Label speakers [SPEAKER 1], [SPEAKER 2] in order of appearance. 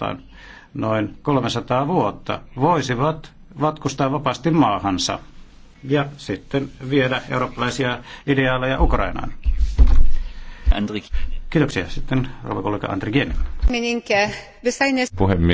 [SPEAKER 1] vastaan noin 300 vuotta voisivat vatkustaa vapaasti maahansa ja sitten viedä eurooppalaisia ideaaleja Ukrainaan. Andrik. Kiitoksia. Sitten rouva kollega Andri
[SPEAKER 2] Puhemies.